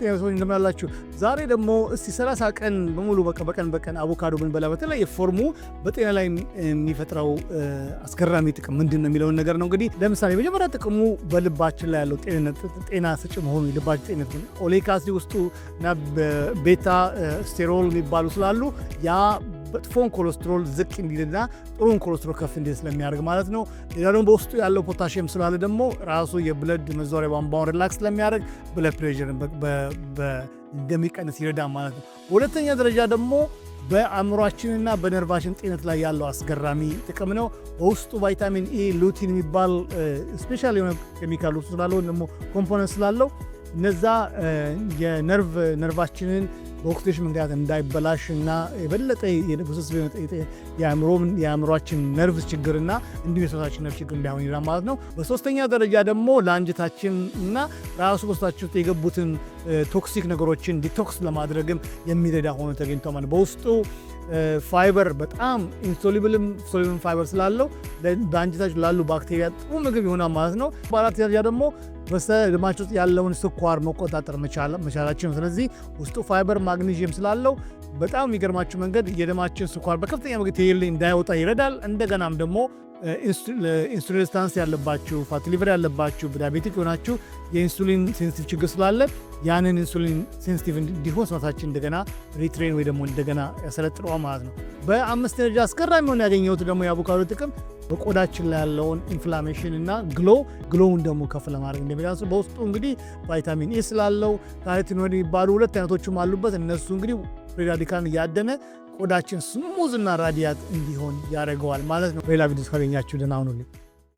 ጤና ሰዎች እንደምን አላችሁ? ዛሬ ደግሞ እስቲ 30 ቀን በሙሉ በቃ በቀን በቀን አቮካዶ ብንበላ በተለይ የፎርሙ በጤና ላይ የሚፈጥረው አስገራሚ ጥቅም ምንድን ነው የሚለውን ነገር ነው። እንግዲህ ለምሳሌ መጀመሪያ ጥቅሙ በልባችን ላይ ያለው ጤና ስጭ መሆኑ ልባችን ጤንነት ኦሌክ አሲድ ውስጡ እና ቤታ ስቴሮል የሚባሉ ስላሉ ያ መጥፎን ኮሎስትሮል ዝቅ እንዲልና ጥሩን ኮሎስትሮል ከፍ እንዲል ስለሚያደርግ ማለት ነው። ሌላ ደግሞ በውስጡ ያለው ፖታሽየም ስላለ ደግሞ ራሱ የብለድ መዘሪያ ቧንቧውን ሪላክስ ስለሚያደርግ ብለድ ፕሬሽርን እንደሚቀንስ ይረዳ ማለት ነው። በሁለተኛ ደረጃ ደግሞ በአእምሯችንና በነርቫችን ጤነት ላይ ያለው አስገራሚ ጥቅም ነው። በውስጡ ቫይታሚን ኤ ሉቲን የሚባል ስፔሻል የሆነ ኬሚካል ውስጡ ስላለው ደግሞ ኮምፖነንት ስላለው እነዛ የነርቭ ነርቫችንን በወቅቶች ምክንያት እንዳይበላሽ እና የበለጠ የንጉስስ የአእምሯችን ነርቭስ ችግርና እንዲሁ የሰውታችን ነርቭ ችግር እንዳይሆን ይላል ማለት ነው። በሶስተኛ ደረጃ ደግሞ ለአንጀታችን እና ራሱ በውስጣችን ውስጥ የገቡትን ቶክሲክ ነገሮችን ዲቶክስ ለማድረግም የሚረዳ ሆኖ ተገኝቷል። ማለት በውስጡ ፋይበር በጣም ኢንሶሊብልም ሶሊብልም ፋይበር ስላለው በአንጀታችን ላሉ ባክቴሪያ ጥሩ ምግብ ይሆናል ማለት ነው። በአራተኛ ደረጃ ደግሞ በስተ ደማችን ውስጥ ያለውን ስኳር መቆጣጠር መቻላችን። ስለዚህ ውስጡ ፋይበር፣ ማግኒዥየም ስላለው በጣም የሚገርማችሁ መንገድ የደማችን ስኳር በከፍተኛ መንገድ እንዳይወጣ ይረዳል። እንደገናም ደግሞ ኢንሱሊን ሬዚስታንስ ያለባችሁ ፋቲ ሊቨር ያለባችሁ ዳያቤቲክ የሆናችሁ የኢንሱሊን ሴንስቲቭ ችግር ስላለ ያንን ኢንሱሊን ሴንስቲቭ እንዲሆን ሰውነታችን እንደገና ሪትሬን ወይ ደግሞ እንደገና ያሰለጥነዋል ማለት ነው። በአምስት ደረጃ አስገራሚውን ያገኘሁት ደግሞ የአቮካዶ ጥቅም በቆዳችን ላይ ያለውን ኢንፍላሜሽን እና ግሎ ግሎውን ደግሞ ከፍ ለማድረግ እንደሚዳንሱ በውስጡ እንግዲህ ቫይታሚን ኤ ስላለው ካሮቲኖይድ የሚባሉ ሁለት አይነቶችም አሉበት። እነሱ እንግዲህ ፍሪ ራዲካልን እያደነ ቆዳችን ስሙዝ እና ራዲያት እንዲሆን ያደርገዋል ማለት ነው። ሌላ ቪዲዮ ካገኛችሁ ደህና ሁኑልኝ።